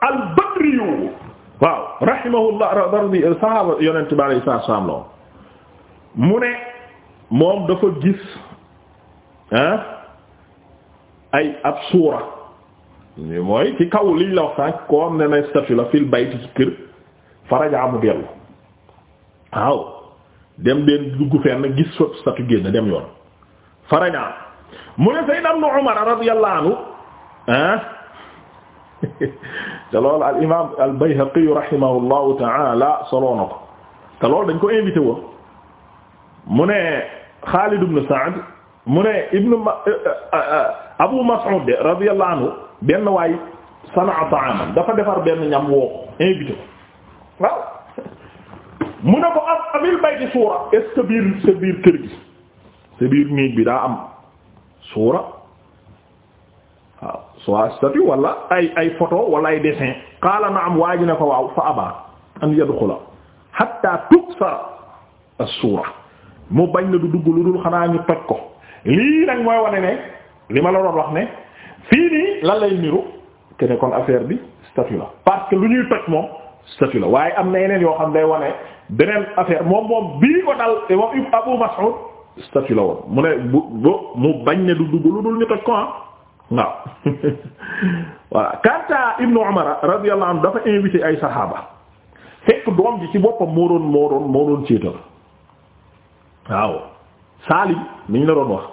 al-Badriyu waaw rahimahullah radi sahaba yonent bi alayhi salaam loon mu ne moom dafa gis ah ay ab suura ñu mooy ci kaw liñ la wax sànq koo am ne na statue la fil bayti ci kër farajaa mu dellu waaw dem deen dugg fenn gis fa statue génn dem yoon farajaa mu ne Sayyidna Umar radiyallahu anhu ah te loolu al imaam al Bayhaqi rahimahullahu ta'ala soloo na ko te loolu dañ ko invité woon mu ne Xaalid ibn Sa'd mu ne ibnu eh, eh, eh, Abu Mas'ud de radiyallahu anhu benn waay sana'a ta'aman dafa defar benn ñam woo ko invité ko waaw mu ne ko am amil bayti suura est-ce que biir sa biir kër gi sa biir néeg bi daa am suura waaw soit statue wala ay ay photo wala ay dessin qaala na'am waa ji ne ko waaw fa abaa an yadxula hatta tuksara as-suura mu bañ na du dugg lu dul xanaa ñu toj ko lii nag mooy wane ne li ma la wax ne fii nii lan lay niru te kon affaire bi statue la parce que lu ñuy toj moom statue la waaye am na yeneen yoo xam day wane beneen affaire moom moom bii ko dal eh, moom Abu Mas'ud statue la woon mu ne bu bu mu bañ ne du dugg lu dul ñu toj ko ah waaw voilà kanta ibnu umar radiyallahu anhu dafa invité ay saxaaba fekk doom ji ci boppam moo doon moo doon moo doon céetal waaw saalim niñ la doon wax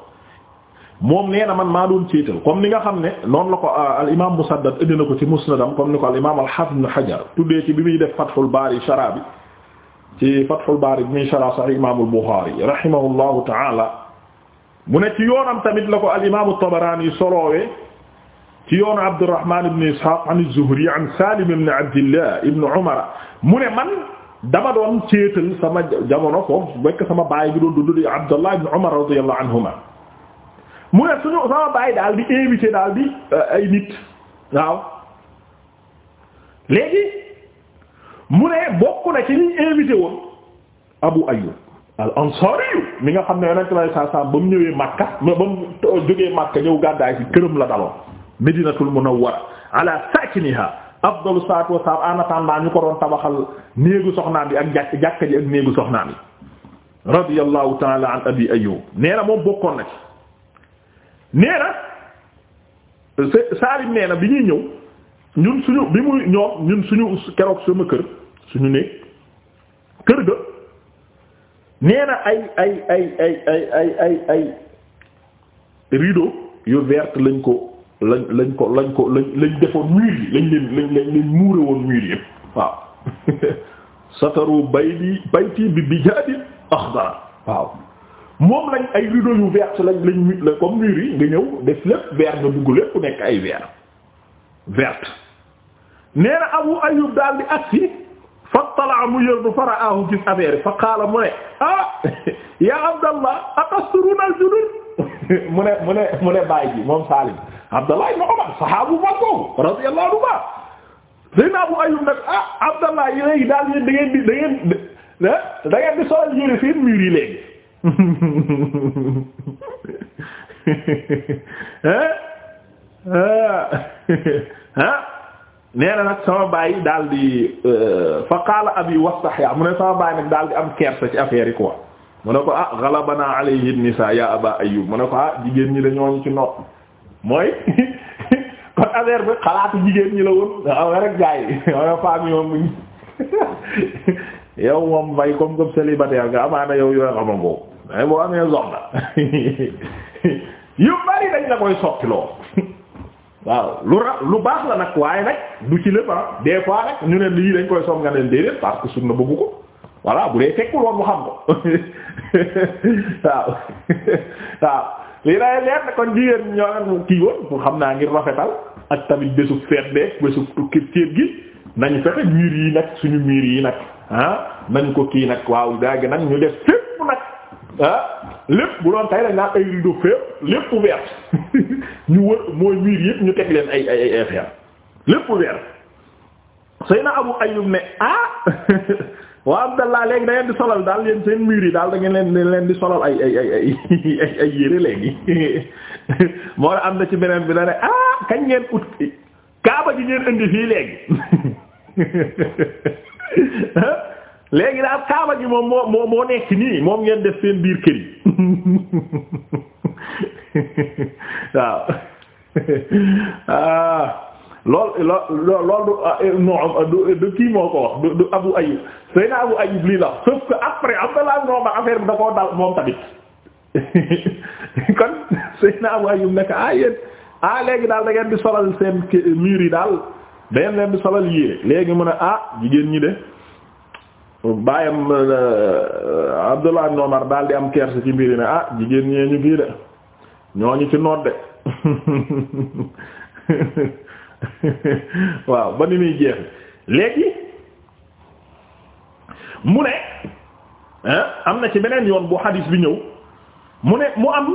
moom nee na man maa doon céetal comme ni nga xam ne noonu la ko euh, al imam musaddad ko ci musnadam comme ni ko al imam al hafiz tuddee ci bi muy def fathul baari shara bi ci fathul baari bi muy shara sahih imam al bukhari ta'ala mu ne ci yoonam tamit la ko al imaamu Tabaraani soloowe ci yoonu mu ne man dama doon céetal sama jamono foofu bekk sama baay bi doon di Abdullah ibn Umar radiyallahu anhuma mu ne suñu sama baay daal di invité euh, ay nit waaw léegi mu na ci liñ invité woon Abu Ayyub al ansari mi nga xam ne yonent bi saa saa ba mu ñëwee Makka ba mu jógee Makka ñëw gàddaay ci këram la daloon Medinatul Munawwara ala sakiniha afdalu salaatu wa salaam en attendant ñu ko doon tabaxal néegu soxnaam bi ak jàkk jàkka ji ak néegu soxnaam yi radiyallahu ta'ala an abi ayyub nee na moom bokkoon na ci nee na Saalim bi ñuy ñëw ñun suñu bi muy ñoom ñun suñu keroog sama kër suñu néeg kër ga nee na ay ay ay ay ay ay rido ay rideau yu vert lañ ko lañ lañ ko lañ ko lañ lañ defoon mur yi lañ leen lañ lañ leen muure woon mur yi waaw sataru bayti bayti bi bijaadin axdar waaw moom lañ ay rideau yu vert lañ lañ mu la comme mur yi nga ñëw def lépp vert nga dugg lépp nekk ay vert vert amu na Abu Ayyub daal di agsi fattala mu yëlbu fa raahu gis affaire fa qaala mu ne ah yaa abdallah atasturuuna al-junud mu ne mu ne mu ne baay ji moom Salim Abdallah ibn Umar saxaabu mag boobu radiyallahu anhu Seydina Abu Ayyub nag ah Abdallah yéen daal yéen da ngeen di da ngeen da ngeen di solal yére seen mur yi léegi ah ah. nee na nag sama baay daal di euh, fa qaala abi wastahya mu ne sama baay nag daal di am kersa ci affaire yi mu ne ko ah ghalabana alayhi an-nisaa ya aba ayyub mu ne ko ah jigéen ñi dañoo ci nopp mooy kon affaire bi xalaatu jigéen ñi la woon nga rek gars yi wala femme yoon muñ yow moom bay comme comme célibataire nga amaana yow boo amee soxna yu bari dañ la koy sotti loo waaw lu ra lu baax la nag waaye nag du ci lépp ah des fois nag ñu ne lii dañ koy soog nga ne déedéet parce que sunna bëggu ko voilà bu dee fekkul woon mu xam ko waaw waaw kon jigéen ñoo kii xam naa ngir rafetal ak tamit bésub feet beeg bésub tukki ceeb gi nañu fexe miir yi nag suñu miir yi nag ah nañ ko kii nag waaw daa nag ñu def fépp ah lépp bu doon tay dañ naan ay rideau fépp lépp vert ñu wër mooy miir yëpp ñu teg leen ay ay ay affaire lépp vert Seyna Abu Ayyub ne ah waa Abdallah léegi da di solal daal yéen seen miir yi daal da ngeen leen leen leen di solal ay ay ay yére léegi moo la am na ci beneen bi da ne ah kañ ngeen ut kaaba ji ngeen indi fii léegi. Ah, léegi daal kaaba gi moom moo moo moo nekk nii moom ngeen def seen biir kër waaw ah. lool lool ah, eh, du kii moo ko wax du Abu Ayyub sëy na Abu Ayyub lii la sauf que après Abdallah noo ma affaire bu da koo dal moom tamit kon sëy na Abu Ayyub nekk ah yéen ah léegi daal da ngeen di solal seen mur yi daal da ngeen leen di solal yére léegi mu ne ah jigéen ñi de baayam euh, euh, Abdullah ibn Umar daal di am kerse ci mbiri ne ah jigéen ñee ñu kii de ñooñu ci noot waaw ba ni muy jeex léegi mu ne am na ci beneen yoon bu hadis bi ñëw mu ne mu am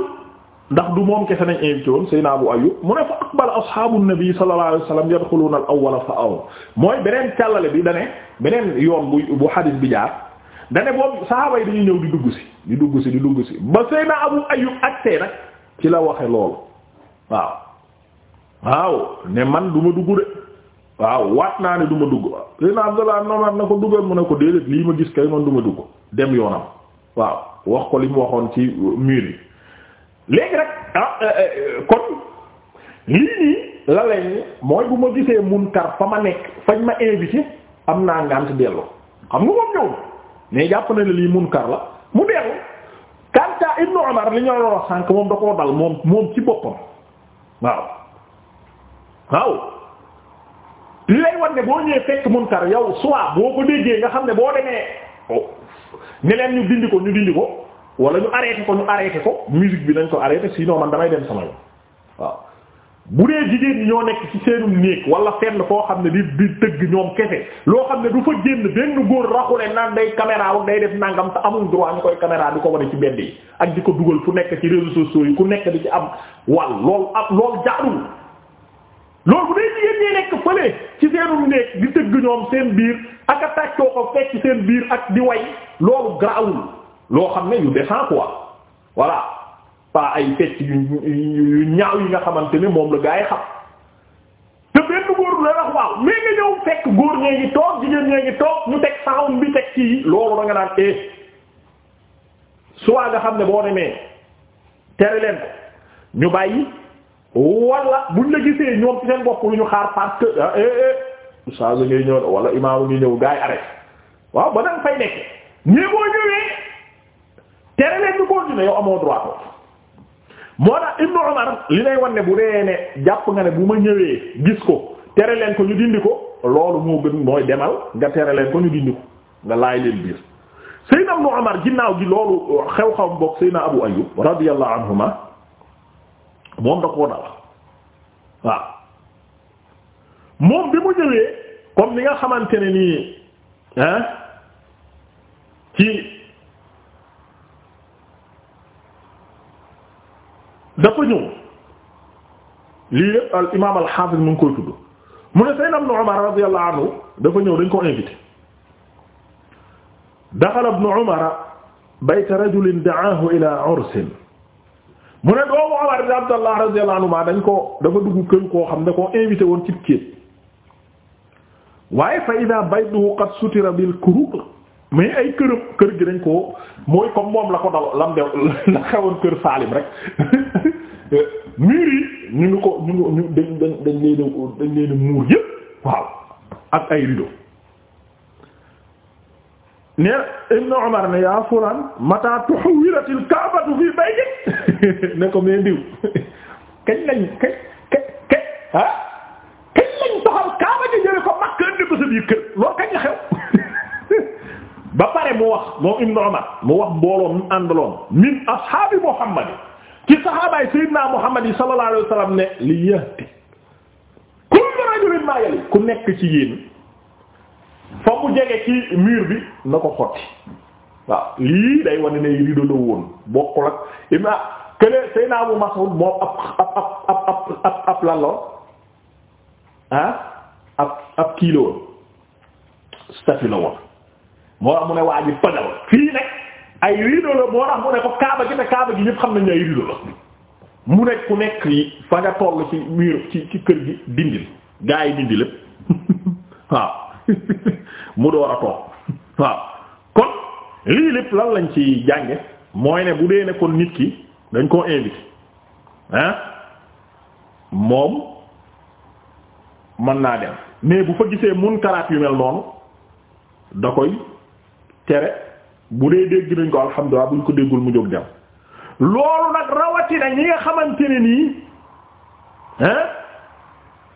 ndax du moom kese nañ invité woon Seydina Abu Ayyub mu ne fa aqbal ashaabu nabi sallallahu alayhi wasallam na al awwala fa aw mooy beneen càllale bi dane beneen yoon bu bu xadis bi jaar dane boobu sahaaba yi dañuy ñëw di dugg si di dugg si di dugg si ba Seydina Abu Ayyub agsee nag ci la waxe loolu waaw waaw ne man du ma dugg de waaw waat naa ne du ma dugg Seydina Abdullah nomar na ko duggal mu ne ko déedéet lii ma gis kay man du ma dugg dem yoonam waaw wax ko li mu ci mur yi léegi nag ah euh, euh, kon lii nii la lañ mooy bu ma gisee munkar fa ma nekk fañ ma invité am naa ngànt dellu xam nga moom ñëw mais jàpp na ne lii munkar la mu dellu kanta ibnu Umar li ñoo wax sànk moom da koo dal moom moom ci boppam waaw waaw li lay wan ne boo ñëwee fekk munkar yow soit boo ko déggee nga xam ne boo demee oh, ne leen ñu dindi ko ñu dindi ko wala ñu arrêté ko ñu arrêté ko musique bi nañ ko arrêté sinon man damay dem sama yoon waaw bu dee jigéen ñoo nekk ci seenu néeg wala fenn foo xam ne di di tëgg ñoom kese loo xam ne du fa génn benn góor raxule naan day caméra def nangam te amul droit koy caméra di ko wane ci mbedd yi ak ko dugal fu nekk ci réseaux sociaux ku nekk ci am wàll lool ak lool jaarul loolu bu ci seenum néeg di ñoom seen biir ak a tàccoo ko fekk seen biir ak di way loolu garaawul loo xam ne yu décent quoi voilà pas ay fecc yu ñaaw yi nga xamante ni moom la gaa yi xam te benn góor la wax waaw mais nga ñëw fekk góor ñee toog jigéen ñee toog ñu teg sound bi teg ci loolu da nga eh. nga xam ne boo demee tere leen ko ñu bàyyi wala buñ la gisee ñoom ci seen bopp lu ñu xaar parce que ah eh, eh. saa ngay ñëw wala imaamu ngi ñëw gaa yi arrêté waaw ba da fay nekk ñee boo ñëwee. tere leen ñu continuer yow amoo droit moo tax Ibnu Umar li lay wan bu dee ne jàpp nga ne bu ma ñëwee gis ko tere leen ko ñu dindi ko loolu moo gën mooy demal nga tere leen ko ñu dindi ko nga laay leen biir Seydina Ibnu Umar ginnaaw gi loolu xew-xew mbokk Seydina Abu Ayyub radiyallahu anhuma moom da koo dal waaw moom bi mu ñëwee comme ni nga xamante ne nii ci dafa ñëw lii yëpp al imaam al hafiz mu koy tudd mu ne Seydina Ibn Umar radiyallahu anhu dafa ñëw dañ ko invité daxala Ibn Umar bayta rajulin da'aahu ila ursin mu ne doomu Umar bi Abdallah radiyallahu anhu maa dañ ko dafa dugg kër koo xam ne koo invité woon ci kéet waaye qad sutira bil kurub mais ay kër kër gi dañ koo mooy comme moom la ko dal lam de la xewoon kër Salim rek mur yi ñu ngi ko ñu ngi dañ dañ dañ leen dañ muur yëpp waaw ak ay rideau ne Ibn Umar ne yaa fulaan mata tuhawiratil kaabatu fii baytik ne ko mais diw kañ lañ kañ kañ kañ ah, lañ toxal kaaba ji jële ko Makka indi ko kër loolu kañ la xew ba pare mu wax moom Ibn Umar mu wax mbooloo mu àndaloon min ashaabi Muhammad ci saxaabaay Seydina Muhammad yi sallallahu alayhi wa ne li yahdi ku nekk ci yéen fa jege ci mur bi na ko xotti waaw lii day wane ne li doon woon bokkul ak Ibn Kële Seydina Abu Mas'ud moom ab ab ab ab ab ab lan ah ab ab kii la woon statut la woon. moo tax mu ne waa ji pëndal fii nag ay rido la moo tax mu ne ko kaaba gi ne kaaba gi ñëpp xam nañ ne ay rido la mu nekk ku nekk yi fa nga toll ci mur ci ci kër gi dindil gaa yi dindi lépp waaw mu door a toog waaw kon lii lépp lan lañ ci jànge mooy ne bu dee ne ko nit ki dañ koo invité ah moom mën naa dem mais bu fa gisee munkaraat yu mel noonu da koy tere bu dee dégg nañ ko alhamdulilah buñ ko déggul mu jóg dem loolu nag rawatina ñi nga xamante ne nii hein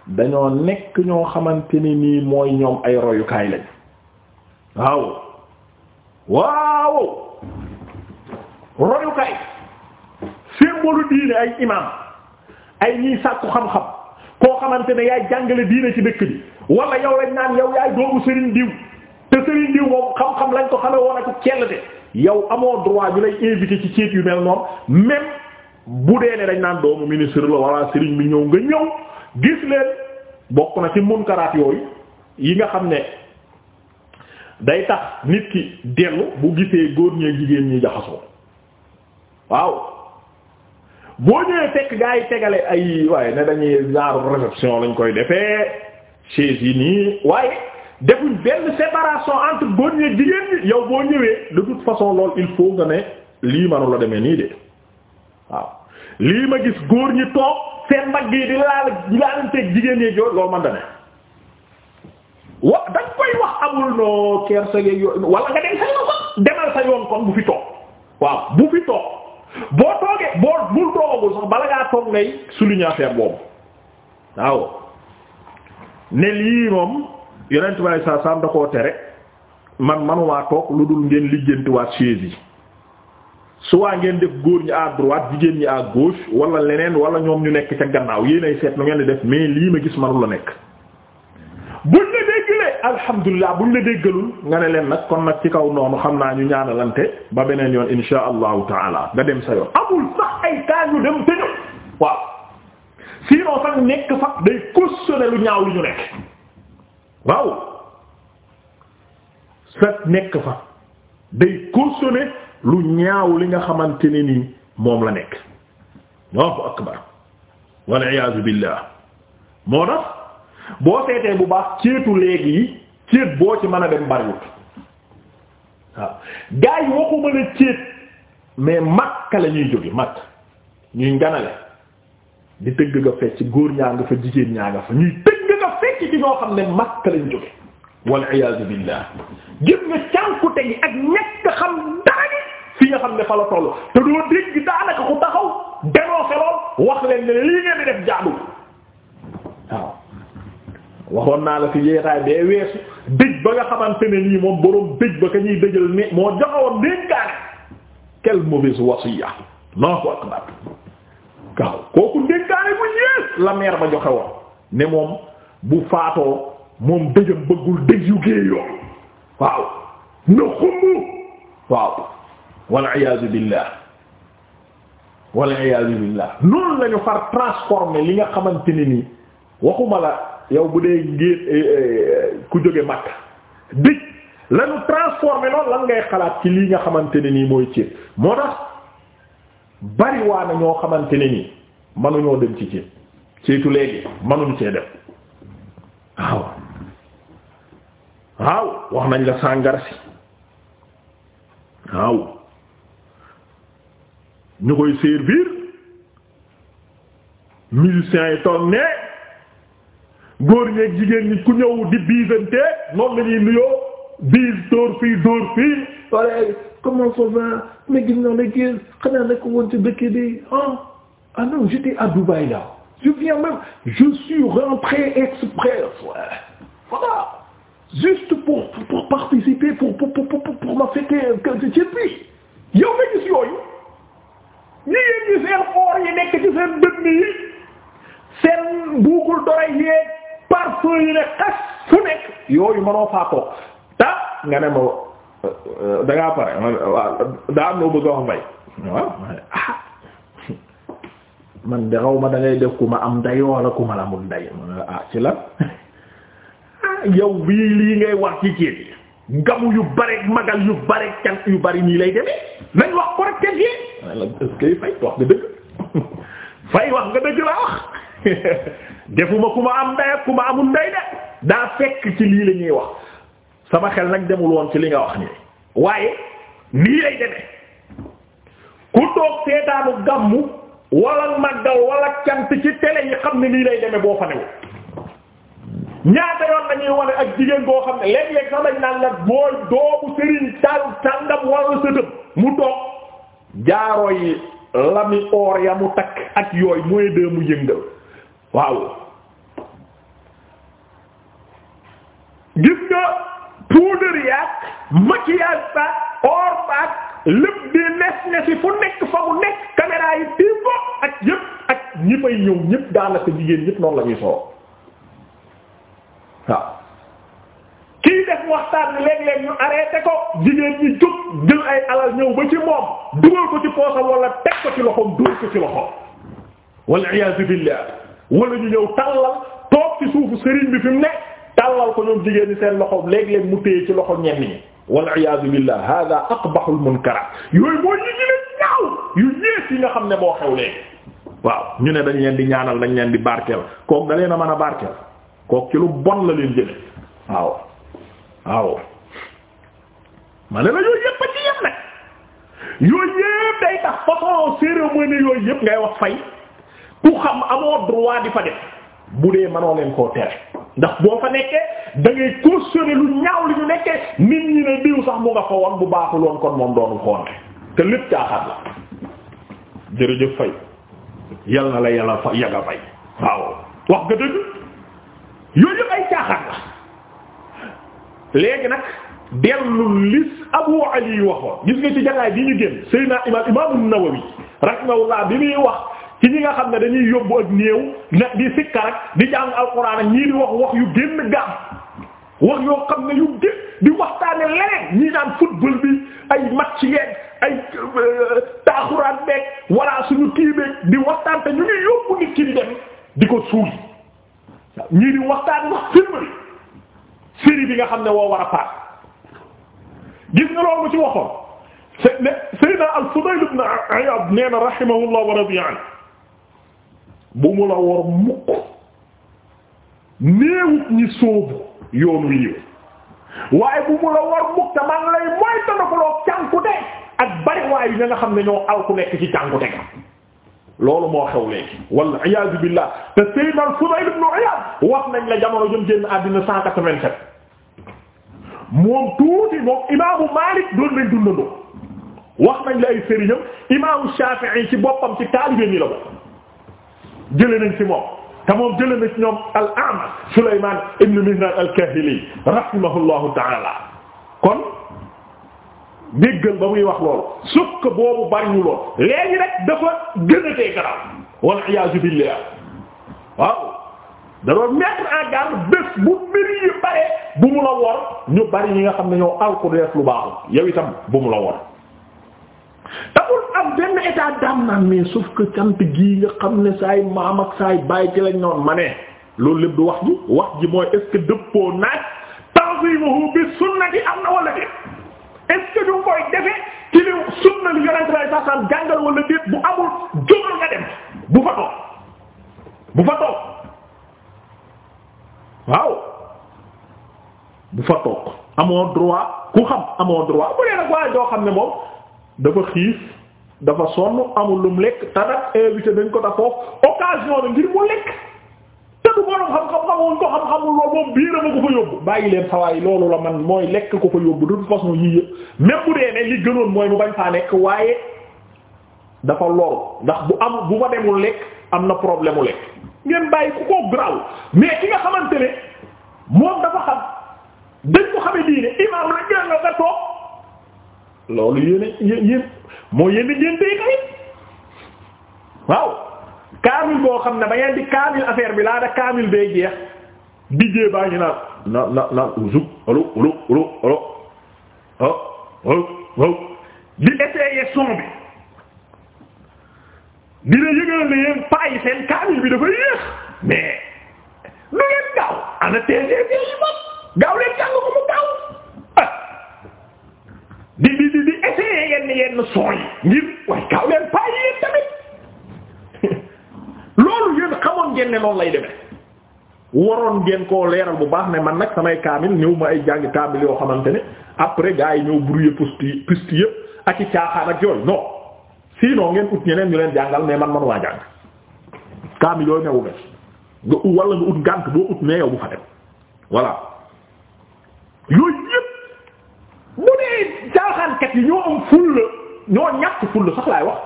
dañoo nekk ñoo xamante ne nii mooy ñoom ay royukaay lañ waaw waaw royukaay symbole diine ay imam ay ñiy sàkku xam-xam koo xamante ne yaay jàngale diine ci dëkk bi wala yow lañ naan yow yaay doomu sëriñ diw te Serigne diw xam-xam lañ ko xamee woon ak cell de yow amoo droit ñu lay invité ci siit yu mel noonu même bu dee ne dañ naan doomu ministre la wala Serigne bi ñëw nga ñëw gis leen bokk na ci munkaraat yooyu yi nga xam ne day tax nit ki dellu bu gisee góor ñee jigéen ñi jaxasoo waaw boo ñëwee fekk gaa tegale ay waaye ne dañuy genre réception lañ koy defee chaise yi nii waaye defuñ benn séparation entre góor ñi jigéen ñi yow boo ñëwee de toute façon lool il faut nga ne lii manu la demee nii de waaw lii ma gis góor ñi toog seen mag yi di laal laalanteeg jigéen ñi jooy loolu man da ne wa dañ koy wax amul noo kersa yeeg yo wala nga dem sa yoon kon bu fi toog waaw bu fi toog boo toogee boo bul toogagul sax bala ngaa toog ngay souligner affaire boobu waaw ne lii moom. yonent bi sa saam da koo tere man manumaa toog lu dul ngeen lijjantiwaat chaise yi soit ngeen def góor ñi à droite jigéen ñi à gauche wala leneen wala ñoom ñu nekk ca gannaaw yéenay seet nu ngeen di def mais lii ma gis manu la nekk buñ la déggalee alhamdulilah buñ la déggalul nga ne leen nag kon nag ci kaw noonu xam naa ñu ñaanalante ba beneen yoon insha allahu taala nga dem sa yoon amul sax ay kaa ñu dem te waaw sinon sax nekk fa lu ñaaw lu waaw sa nekk fa day cautionner lu ñaaw li nga xamante ne nii moom la nekk Allahu akbar wal iyaazu billah moo tax boo seetee bu baax ceetu léegi yi ceet boo ci man a dem bariwut waaw gaa yi waxuma la ceet mais Makka ñuy jóge Makka ñuy nganale di tëgg nga fecc góor ñaa nga fa jigéen ñaa nga fa ñuy tëgg nekk ci ñoo xam ne Makka lañ jóge wal iyaazu billah gis nga cànkute yi ak ñàkk xam dara gi fi nga xam ne fa la tollu te doo dégg daanaka ku taxaw dénoncé lool wax leen ne ngeen di def jaadu waaw waxoon naa la fi yeetaay bee weesu dëj ba nga xamante ne nii moom boroom dëj ba ka ñuy dëjal ne moo joxewoon dénkaane quelle mauvaise wasiya non ko akbar kooku dénkaane bu yées la meer ba joxe ne moom bu faatoo moom dëjëm bëggul dëj yu géey yoon waaw na xumm waaw wal iyaazu billah wal iyaazu billah noonu lañu far transformer li nga xamante ni nii waxuma la yow bu dee ngéen eh, eh, ku jóge Makka dëj lañu transformer noonu lan ngay xalaat ci lii nga xamante ne nii mooy céet moo tax waa ñoo xamante ni nii manuñoo dem ci céet céetu léegi manuñ cee dem waaw waaw wax nañ la sàngara si waaw ñu koy servir musiciens yi toog ne góor ñeeg jigéen ñi ku ñëw di biisante noonu la ñuy nuyoo biis dóor fii dóor fii wala comment ça va mais gis nga ne gis xanaa nekk woon ci dëkk bi ah ah je viens même je suis rentré exprès juste pour participer pour pour pour pour pour ma fêter ci bi yow nga gis yooyu ñi nekk ci seen dënn yi seen boucle d'oreille ne xas fu nekk yooyu mënoo faa toog ta nga ne ma euh, euh, da ngaa pare waaw daa man de xaw ma da ngay def ku ma am ndey wala ku ma la amul ndey ah ci la ah yow bii lii ngay wax ci ceeb yi gamu yu bare magal yu bare can yu bari nii lay demee nañ wax ko rek ceeb yi wax nga dëgg laa wax defuma ku ma am ndey ak ku ma amul ndey de daa fekk ci lii la ñuy wax sama xel nag demul woon ci li nga wax nii waaye nii lay demee ku toog seetaanu gammu. wala màggal wala cant ci télé yi xam ne nii lay demee boo fa new ñaata yoon dañuy wane ak jigéen boo xam ne léeg-léeg sax dañ naan la booy doobu sëriñ tal sàngam wala sëtëm mu toog jaaro lami oor ya mu takk ak yooy mooy mu yëngal waaw gis nga poudre yaak maquillage ba or baak lépp di nes ne si fu nekk fa mu nekk caméra yi tiim ko ak yëpp ak ñi fay ñëw ñëpp daanaka jigéen ñëpp noonu lañuy ñuy solo waaw kii def waxtaan bi léeg-léeg ñu arrêté ko jigéen ñi jóg jël ay alal ñëw ba ci moom dugal ko ci poosam wala teg ko ci loxoom dugal ko ci loxoom walla iyaazu billaah wala ñu ñëw tallal toog ci suufu sëriñ bi fi ne tallal ko ñoom jigéen seen loxoom léegi leen mu téye ci loxo ñenn yi wal iyaadu billah hada aqbahul munkaraat yooyu mooy ñu gën a ñaaw yu yées yi nga xam ne moo xew léegi waaw ñu ne dañ leen di ñaanal dañ leen di barkel kook da leen a mën a barkeel kook ci lu bon la leen jële waaw waaw ma la yooyu yëpp ci yem nag yooyu yëpp ngay wax fay ku xam amoo droit di fa def bu dee mënoo leen koo tere ndax boo fa nekkee da ngay cautionner lu ñaaw li ñu nekkee nit ñi ne diw sax mu nga fa woon bu baaxul kon moom doonul xoonte te lépp caaxaat la jërëjëf fay yal na la yàlla fa yàgg a fay wax nga yooyu ay caaxaat la léegi nag dellu lis Abu Ali waxoon gis nga ci jataay bi ñu génn Seydina imaam Imaam An-Nawawi rahimahullah bi muy wax ci ñi nga xam ne dañuy yóbbu ak néew na di sikka rek di jàng alxuraan ak ñii di wax wax yu génn gaam wax yoo xam ne yu gé di waxtaane leneen ñii naan football bi ay match yeeg ay euh, taaxuraan beeg walla suñu kii di waxtaan te ñu ngi yóbbu nit ki di dem di ko suul ñii di waxtaan wax film bi série bi nga xam ne woo war a paas gis nga loolu ci waxoon Seydina al-Fudayl ibn Iyad nee na rahimahullah wa radiya anhu bu mu la wor mukk néewut ñi sóobu yoonu yiw waaye bu mu la wor mukk te lay mooy tanakaloo cànkute ak bari waaye yi nga xam ne ñoo alku nekk ci cànkute ga loolu moo xew léegi wal iyaadu billah te Sayyid al-Fudayl ibn Iyaad wax nañ la jamono jëm génn àddina 187 moom tuuti moom imaamu Maalik doon nañ dundandoo wax nañ la ay sëriñam imaamu Shaafi'i ci boppam ci taalibe ni la bokk jëlee nañ ci moom te moom jëlee na ci ñoom al-A'mash Sulaymaan ibn Mihraan al-Kaahili rahimahullahu ta'ala kon déggal ba muy wax loolu sukk boobu bariwul lool léegi rek dafa gën a tey garaaw wal iyaazu billah waaw da doon mettre bés bu mbir yi bare bu mu la ñu bari ñi nga xam ne ñoo alku def lu baaxul yow itam bu mu la taxul am benn état d'âme naan mais sauf que cant gii nga xam ne saay maam ak saay bàyyi ci lañ noonu ma ne loolu lépp du wax ji wax ji mooy est-ce que dëppoo naaj tanzimuhu bi sunnati am na wala déet est-ce koy defe ci sunna li yonent bay sasam jàngal wala déet bu amul jógal nga dem bu fa toog bu fa toog waaw bu fa toog amoo droit ku xam amoo droit bu dee nag waaye doo xam ne moom dafa xiif dafa sonn amul lum lekk te nag dañ ko dafoo occasion la ngir mu lekk te du borom xam-xam ko xamul loolu moom biira ma ko fa yóbbu bàyyi leen sawaay loolu la man mooy lekk ko fa yóbbu de façon yii yëpp même bu dee ne li gënoon mooy mu bañ faa nekk waaye dafa loru ndax bu am bu fa demul lekk am na problème mu lekk ngeen bàyyi ku ko graw mais ki nga xamante ne moom dafa xam dañ ko xame diine imam la jël nga nga toog loolu yéen a yéen yéen moo yéen a génte kay waaw kaamil boo xam ne ba ngeen di kaamil affaire bi laa da kaamil bee jeex dijjee baa ngi naan na na na zug alo alo alo alo oh ah, oh ah, oh ah. di essayer son bi di la yëgal ne yéen payi seen kaamil bi dafa yéex mais lu ngeen gaaw ana tee tee yi mot gaaw leen jàng ko mu gaaw yenn yenn son yi ngir waaye kaaw leen paa yi yéen tamit loolu yéen xamoon ngeen ne noonu lay demee waroon ngeen koo leeral bu baax ne man nag samay kaamil ñëw ma ay jàng kaamil yoo xamante ne après gars yi ñëw brouillé piste piste yëpp ak i caaxaan ak ngeen ut ñeneen leen jàngal mais man manuwaa jàng kaamil yooyu newu nga ut gànt boo ut mais yow bu fa dem voilà yooyu caaxaankat yi ñoo am fulla ñoo ñàkk fulla sax laay wax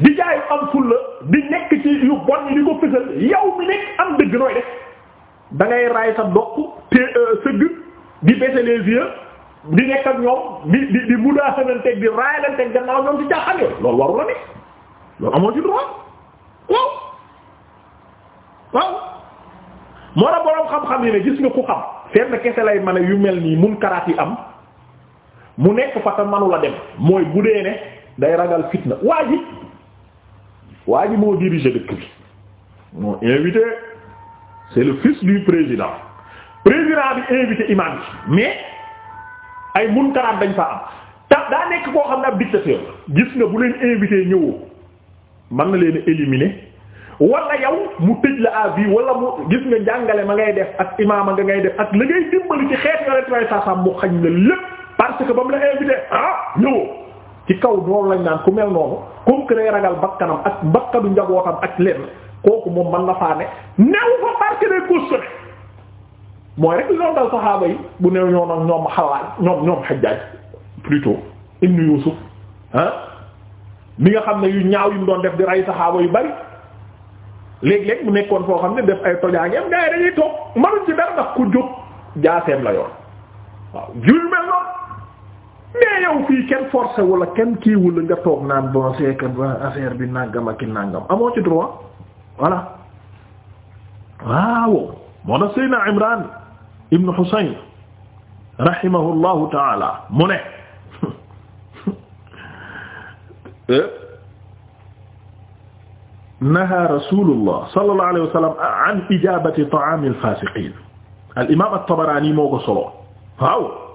di jaayu am fulla di nekk ci yu bon yi di ko fësal yow mi nekk am dëgg nooy def da ngay raay sa doq te euh, sëgg di baisser les yeux di nekk ñoom di di di mudaaxananteeg di raayalanteeg gannaaw ñoom ci caaxaan loolu waru ne loolu amoo ci droit waaw waaw moo la boroom xam-xam yi ne gis nga ku xam fenn kese lay mën yu mel nii karaat yi am mu nekk fa te manu la dem mooy bu dee ne day ragal fitna waa ji waa ji moo diriger dëkk bi moo invité c'est le fils du président président bi invité imam bi mais ay munkaraat dañ fa am ta daa nekk koo xam ne ab dictateur gis nga bu leen invité ñëwoo mën na leen éliminer wala yow mu tëj la à vie wala mu gis nga jàngale ma ngay def ak imaam nga ngay def ak la ngay dimbali ci xeet nga ret way sasam mu xañ na lépp que ba mu la invité ah ñëwoo ci kaw noonu lañ naan ku mel noonu comme que ragal bakkanam ak bakkanu njabootam ak lenn kooku moom mën na faa fa parce que day gëstu mooy rek ñoom dal saxaaba yi bu néew ñoo nag ñoom xalaat ñoom ñoom xajjaaj plutôt ibn Yusuf ah mi nga xam ne yu ñaaw yu mu doon def di rey saxaaba yu bari léeg-léeg mu nekkoon foo xam ne def ay tojaangeem gars yi dañuy toog mënuñ ci dara ndax ku jóg jaaseem la yoon waaw. mais yow fii kenn forcé wala kenn kii wala nga toog naan bon c'est que affaire bi nàngam ak i nàngam amoo ci droit voilà waaw moo na Seydina Imran ibn Husayn rahimahullahu taala mu ne naha rasulullah sallallahu alayhi wa sallam an ijabati ta'am al-fasiqin al imam at-Tabarani moo ko solo waaw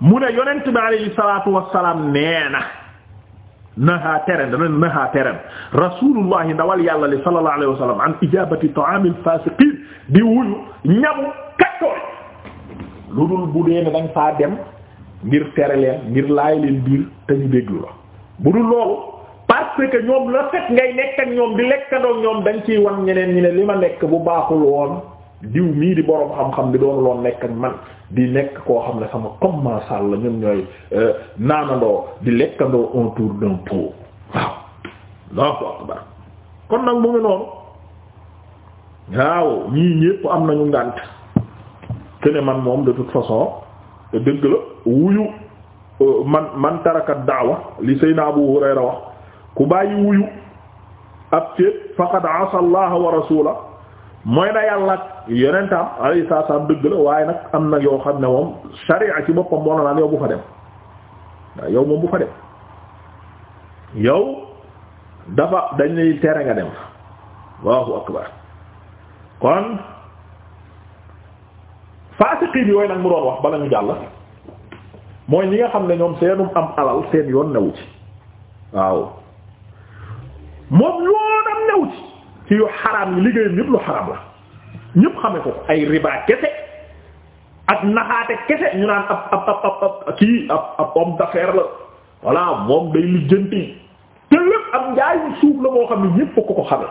mu ne yonent bi alayhi salaatu wassalaam nee na naha teren dana naha teren rasulullahi ndawal yàlla li sallallahu alayhi wa an ijabati ta'amil fasiqin di wuyu ñamu kaccooy lu dul bu dee ne da faa dem ngir tere leen ngir laay leen biir te ñu déglu la bu dul loolu parce que ñoom la fekk ngay nekk ñoom di lekkandoog ñoom dañ ciy wan ñeneen ñi ne li ma nekk bu baaxul woon diw mii di boroom xam-xam bi doonu loon nekk man di nekk koo xam ne sama commensal la ñun ñooy euh, naanandoo di lekkandoo autour d'un pot waaw Allahu kon nag mu ngi noonu waaw ñii ñépp am nañu ngànt te man moom de toute façon dëgg la wuyu euh, man man tarakat daawa li Seydina Abu Hurayra wax ku bàyyi wuyu ab céet faqad asa Allah wa rasula mooy na yàlla yonentam alayhi salaam dëgg la waaye nag am na yoo xam ne moom sharia ci boppam moo naan yow bu fa dem waaw yow moom bu fa dem yow dafa dañ lay tere nga dem Allahu akbar kon faasiqi bi yooyu nag mu doon wax bala ñu jàll mooy ñi nga xam ne ñoom seenu am alal seen yoon newu ci waaw moom yoonam newu ci ci yu xaraam yi liggéeyam yëpp lu xaraam la ñépp xame ko ay riba kese ak naxaate kese ñu naan ab ab ab ab kii ab ab homme la voilà moom day lijjanti te lépp am njaayu suuf la moo xam ne ñépp ko ko xame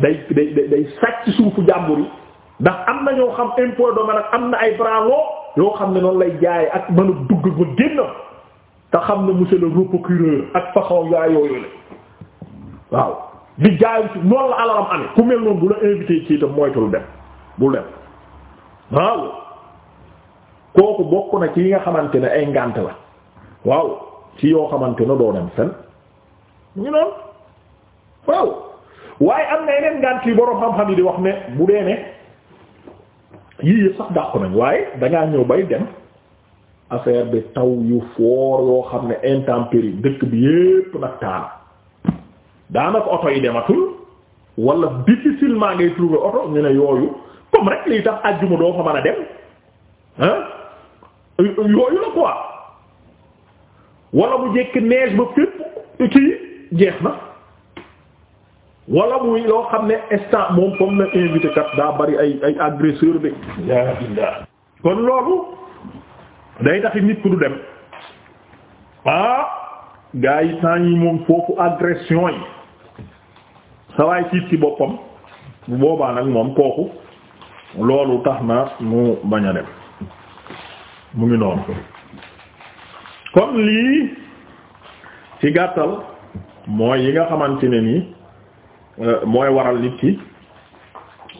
day day day sàcc suufu jàmbur yi ndax am na ñoo xam impôt domaine ak am na ay branlo yoo xam ne noonu lay jaay ak mën a dugg ba génn te xam na monsieur le procureur ak façon yaa la waaw di jaayu ci noonu la alalam amee ku mel noonu bu la invité ci itam moytul dem bul dem waaw kooku bokk na ci yi nga xamante ni ay ngànt la waaw ci yoo xamante ne doo dem fen mu ngi noonu waaw waaye am na yeneen ngànt yi boroom xam-xam yi di wax ne bu dee ne yii yëpp sax dàqu nañ waaye dangaa ñëw bay dem affaire bi taw yu foor yoo xam ne intempérie dëkk bi yépp nag taana daanaka oto yi dematul wala difficilement ngay trouver oto ñu ne yooyu comme rek lii tax àjjuma doo fa mën a dem ah yooyu la quoi wala mu jekk neige ba fépp kii jeex na wala muy loo xam ne instant moom comme na invité kat daa bari ay ay agresseur de yaa illa kon loolu day taxi nit ku du dem ah gaa yi temps yi moom foofu agression yi sa waay tiit ci boppam bu boobaa nag moom kooku loolu tax na mu bañ a dem mu ngi noonu kon lii ci gàttal mooy yi nga xamante ne nii euh, mooy waral nit ki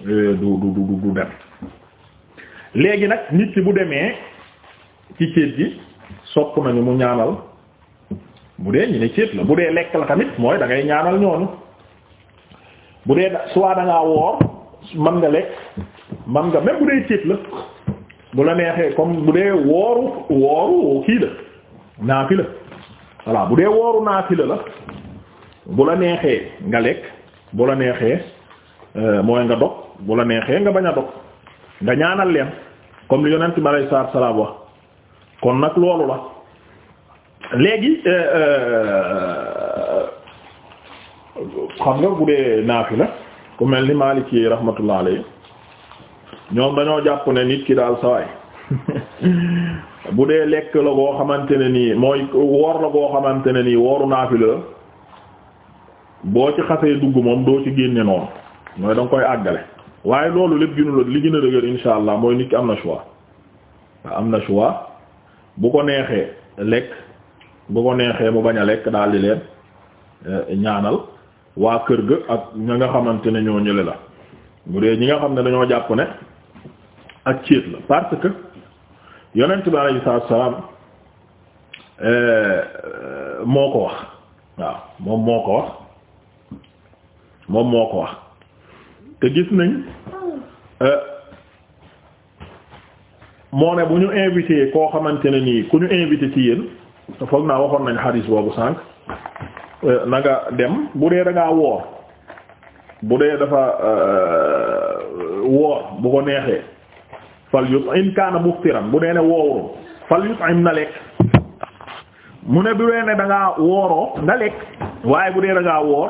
euh, du du du du dem léegi nag nit ki bu demee ci céet gi sopp nañu mu ñaanal bu dee ñu ne céet la bu dee lekk la tamit mooy da ngay ñaanal ñoonu bu dee soit da ngaa woor man nga lekk man nga même bu dee céet la bu la neexee comme bu dee wooru wooru kii la naafi la voilà bu dee wooru naafi la la bu la neexee nga lekk bu la neexee euh, mooy nga dog bu la neexee nga bañ a dog nga ñaanal leen comme li yonent bi alayhi salaatu wa kon nag loolu la léegi euh, euh, xam nga bu dee naafi la ku mel ni Maliki yi rahmatullah alayhi ñoom dañoo jàpp ne nit ki daal sawaay bu dee lekk la boo xamante ne nii mooy woor la koo xamante ne nii wooru naafi la boo ci xasee dugg moom doo ci génne noonu mooy da nga koy àggale waaye loolu lépp gënu la li gën a dëgër insha allah mooy nit ki am na choix am na choix bu ko neexee lekk bu ko neexee mu bañ a lekk daal di leen eh, ñaanal waa kër ga ak ña nga xamante ne ñoo ñële la bu dee ñi nga xam ne dañoo jàpp ne ak céet la parce que yonent bi alayhi salaatu salaam eh, moo ko wax waaw moom moo ko wax moom moo ko wax te gis nañ eh, moo ne bu ñu invité koo xamante ne nii ku ñu invité ci yéen foog naa waxoon nañ xadiis boobu sànq euh, na dem bu dee da woor bu dee dafa euh, woor bu ko neexee fal yut in kaana muftiran bu dee ne woorul fal yut im na lekk mu ne bu dee ne da wooroo nga lekk waaye bu dee da ngaa woor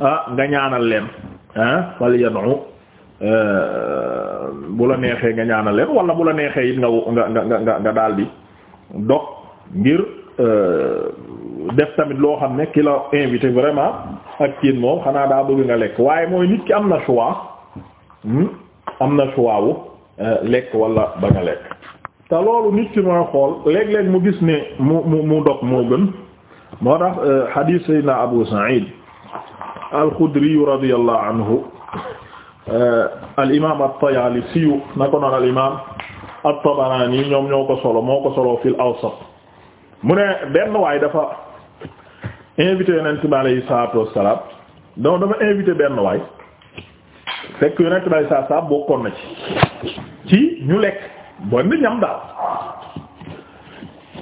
ah, nga ñaanal leen ah ya yad'u euh, bu la neexee nga ñaanal leen wala bu la neexee it nga nga nga nga daal bi dog ngir euh, def tamit loo xam ne ki invité vraiment ak kiin moom xanaa daa bëgg nga lekk waaye mooy nikki am na choix hmm, am na choix wu euh, lekk wala ba nga lekk te loolu nit ki xool léeg-léeg mu gis ne mu mu mu dog moo gën moo tax euh, hadith sayyidina Abu Sa'id al-Khudri radiyallahu anhu al imaam al imaam ñoom ñoo ko solo moo ko solo fil Awsat mu ne benn waay dafa invité yonent bi alayhi salaatu wassalaam donc dafa invité benn waay fekk yonent bi alayhi salaatu bokkoon na ci ci ñu lekk bon ni ñam daal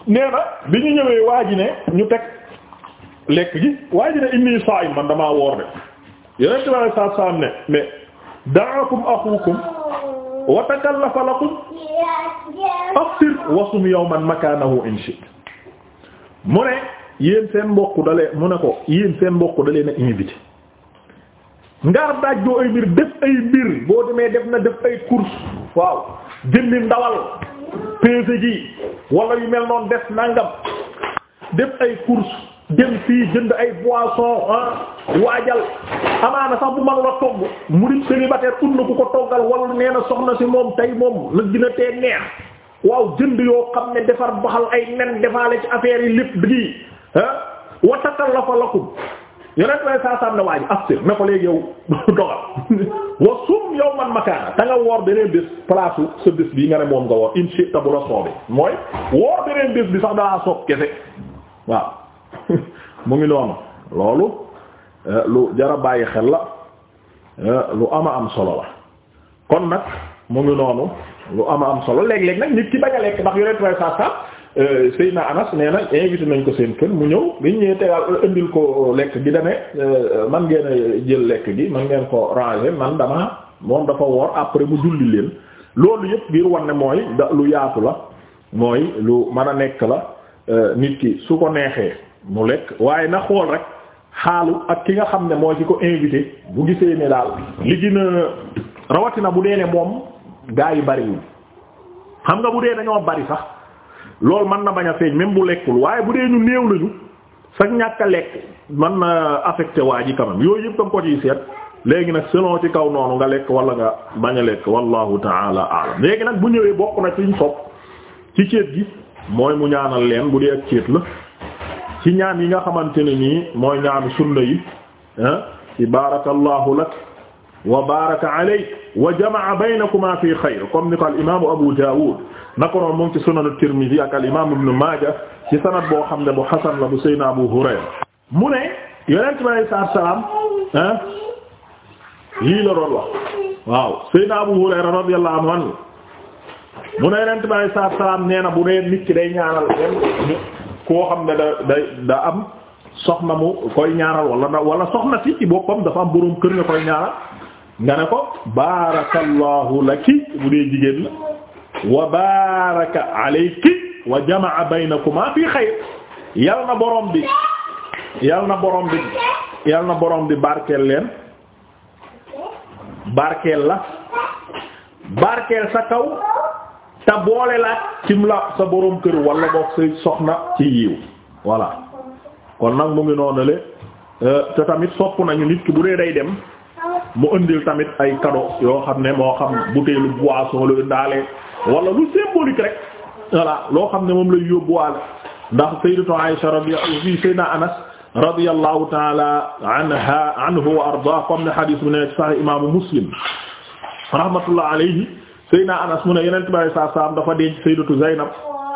nee bi ñu ñëwee waa ji ne ñu teg lekk gi waa ji ne inni saa'im man damaa woor de yonent bi alayhi salaatu ne mais da'akum axukum wa takallafa lakum aftir wasum yawman makanahu in shi'ta mu ne yéen seen mbokk dalee mu ne ko yéen seen mbokk dale na invité ngaar daaj doo ay mbir def ay mbir boo demee def na def ay course waaw jëndi ndawal peese ji wala yu mel noonu def nangam def ay course dem fii jënd ay boisson ah waajal amaana sax bu man la togg mu di célibataire ut na ku ko toggal wala nee na soxna si moom tey moom la dina tee neex waaw jënd yoo xam ne defar baxal ay nen defaale ci affaire yi lépp di ah wa takallafa lakum yonent way saa sam ne waaji aftir ne ko léegi yow dogal wa sum yow man makaana ta nga woor beneen bés place sa bés bi nga ne moom nga woor inchi ta bu la soobe mooy woor beneen bés bi sax dalaa soob kese waaw mu ngi noonu loolu eh, lu jara bàyyi xel la eh, lu ama am solo la kon nag mu ngi noonu lu ama am solo léeg-léeg nag nit ki bañ a lekk ndax yore trois cent cent Seydina Anas nee na invité nañ ko seen kër mu ñëw ñu ñëwee tegal indil ko lekk gi dane euh, man ngeen a jël lekk gi man ngeen ko ranger man dama moom dafa woor après mu julli leen loolu yëpp ngir wan ne mooy da lu yaatu la mooy lu man a nekk la euh, nit ki su ko neexee mu lekk waaye na xool rek xaalu ak ki nga xam ne mooy ki ko invité bu gisee ne daal li gën a rawatina bu dee ne moom. gaa yi bariwul xam nga bu dee dañoo bari sax loolu mën na bañ a feeñ même bu lekkul waaye bu dee ñu néew lañu sax ñàkk a lekk man na affecté waa ji quand même yooyu yëpp da nga ko ciy seet léegi nag selon ci kaw noonu nga lekk wala nga bañ a lekk wallahu taala alam léegi nag bu ñëwee bokk na ci sopp ci céet gi mooy mu ñaanal leen bu dee ak céet la ci ñaan yi nga xamante ne nii mooy ñaanu sunna yi ah ci barakallahu lak wa baraka alay wa jamaa baynakuma fi xayr comme ni ko al imaamu Abu Daawud naka noonu mu ngi ci sunanu Tirmidi ak al imaamu Ibnu Maaja ci sanad boo xam ne bu hasan la bu Seydina Abu Hurayra mu ne yonent bi alayhi salaatu wa salaam ah, lii la doon wax waaw Seydina Abu Hurayra radiyallahu anhu mu ne yonent bi alayhi salaatu wa salaam nee na bu dee nit ki day ñaanal dem koo xam ne da day da am soxna mu koy ñaanal wala wala soxna si ci boppam dafa am boroom kër nga koy ñaanal. nga ne ko barakallahu laki bu dee jigéen la wa baraka alayki wa jamaa baynakuma fi xayr yal na borom bi yal na borom bi yal na borom bi barkeel leen barkeel la barkeel sa kaw te boole laat cim la sa borom kër walla boog sa soxna ci yiw voilà kon nag mu ngi noonu le euh, te tamit sopp nañu nit ki bu dee day dem mu indil tamit ay cadeau yoo xam ne moo xam bouteille boisson la daale wala lu symbolique rek voilà loo xam ne moom lay yóbbuwaale ndax sayyidatu Aisha radiyallahu sayyidina Anas radiyallahu ta'ala anha anhu wa arda comme ne hadith bu ne sahih imaamu Muslim rahmatullah alayhi sayyidina Anas mu ne Yonent bi saa saam dafa denc sayyidatu Zaynab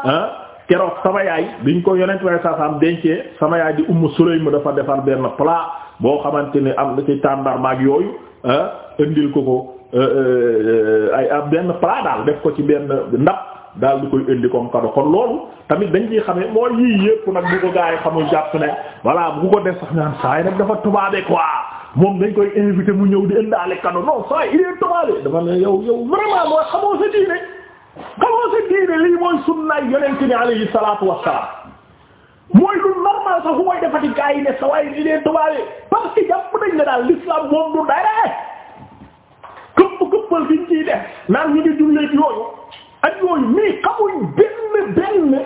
ah keroog sama yaay biñ ko Yonent bi saa saam dencee sama yaay di Ummu Sulaym dafa defar benn plat boo xamante ne am na ci tàndarma ak yooyu. Ah, indil ko ko eh, eh, ay ah, benn plat daal def ko ci benn ndab daal di koy indi comme cadeau kon loolu tamit dañ ciy xamee mooy yii yépp nag bu ko gaa yi xamul jàpp ne voilà bu ko def sax naan saa yi nag dafa ko quoi moom dañ koy invité mu ñëw di indaale cadeau non saa yi il est tubaabee dafa ne yow yow vraiment mooy xamoo sa diine xamoo sa diine lii mooy sunnaay yonent bi alayhi salaatu wassalaam mooy lu normal sax mooy defati gaa yi ne sa waay li leen tubaabee parce que jàpp nañ ne daal l'islam moom du dara këpp këppal biñ ciy def naan ñu ngi julleeg yooyu ak yooyu mii xamuñ benn benn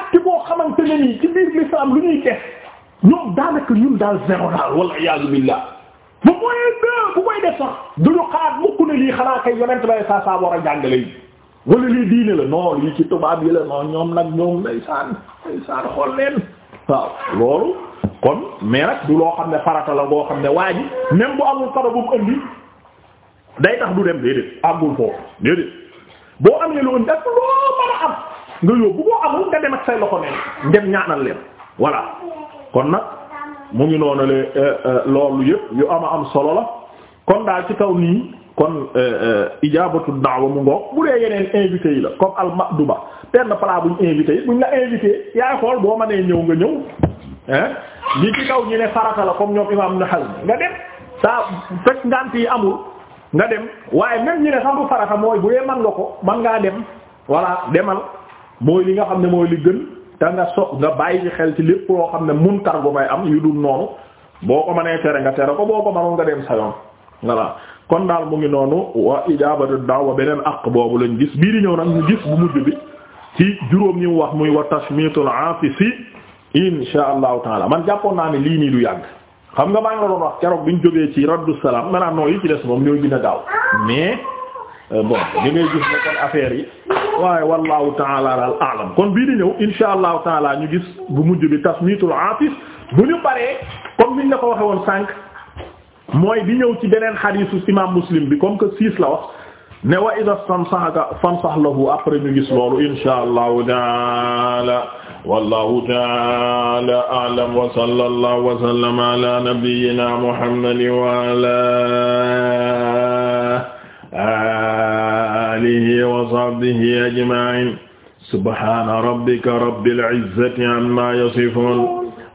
acte boo xamante ne nii ci biir l'islam lu ñuy def ñoom daanaka ñun daal zéro daal wala iyaazu billah bu mooyee bu koy def sax duñu xaar mukk ne lii xanaa kay yonent ba saa saa war a jàngale wala lii diine la non lii ci tubaab yi la non ñoom nag ñoom ndeysaan ndeysaan xool leen waaw loolu kon mais nag du loo xam ne farata la boo xam ne waa ji même amul fara bu mu indi day tax du dem déedéet àggul loo mën a nga yóbbu boo amul nga dem ak say loxo neen dem ñaanal leen voilà kon nag mu ngi noonu le euh, euh, loolu yëpp yu ama am solo la kon daal ci kaw nii kon euh, euh, ijaabatu da'wa mu ngoog bu dee yeneen invité yi la comme almaduba benn plat buñ invité yi buñ la invité yaay xool boo manee ñëw nga ñëw ah li ci kaw ñu ne farata la comme ñoom am na Hazm nga dem saa fekk ngant yi amul nga dem waaye même ñu ne sax du mooy bu dee man nga ko man ngaa dem voilà demal mooy li nga xam ne mooy li gën te nga so nga bàyyi ci xel ci lépp loo xam ne munkar bu may am yu dul noonu boo ko mënee tere nga tere ko ko mënoon nga dem sa yoon kon daal mu ngi noonu wa ijabatu daawa beneen aq boobu lañ gis bii di ñëw nag ñu gis bu mujj bi ci juróom ñu wax muy wa tashmitul aafisi insha allahu taala man jàppoon naa ne lii nii du yàgg xam nga maa ngi la doon wax keroog biñ jógee ci raddu salaam maanaam noo yi ci des moom ñooy gën a gaaw mais euh, bon da ngay gis ne kon affaire yi waaye wallahu taala al alam kon bii di ñëw insha allahu taala ñu gis bu mujj bi tashmitul aafis bu ñu paree comme ko waxe woon sànq mooy di ñëw ci beneen xadiisu imam muslim bi comme que six la wax ne wa ida stansahaka fansah lahu après ñu gis loolu insha allahu taala wallahu taala a'lam wa sallallahu wa sallama ala nabiyyina muhammadin wa ala alihi wa sahbihi ajma'in subhana rabbika rabbil izzati amma yasifun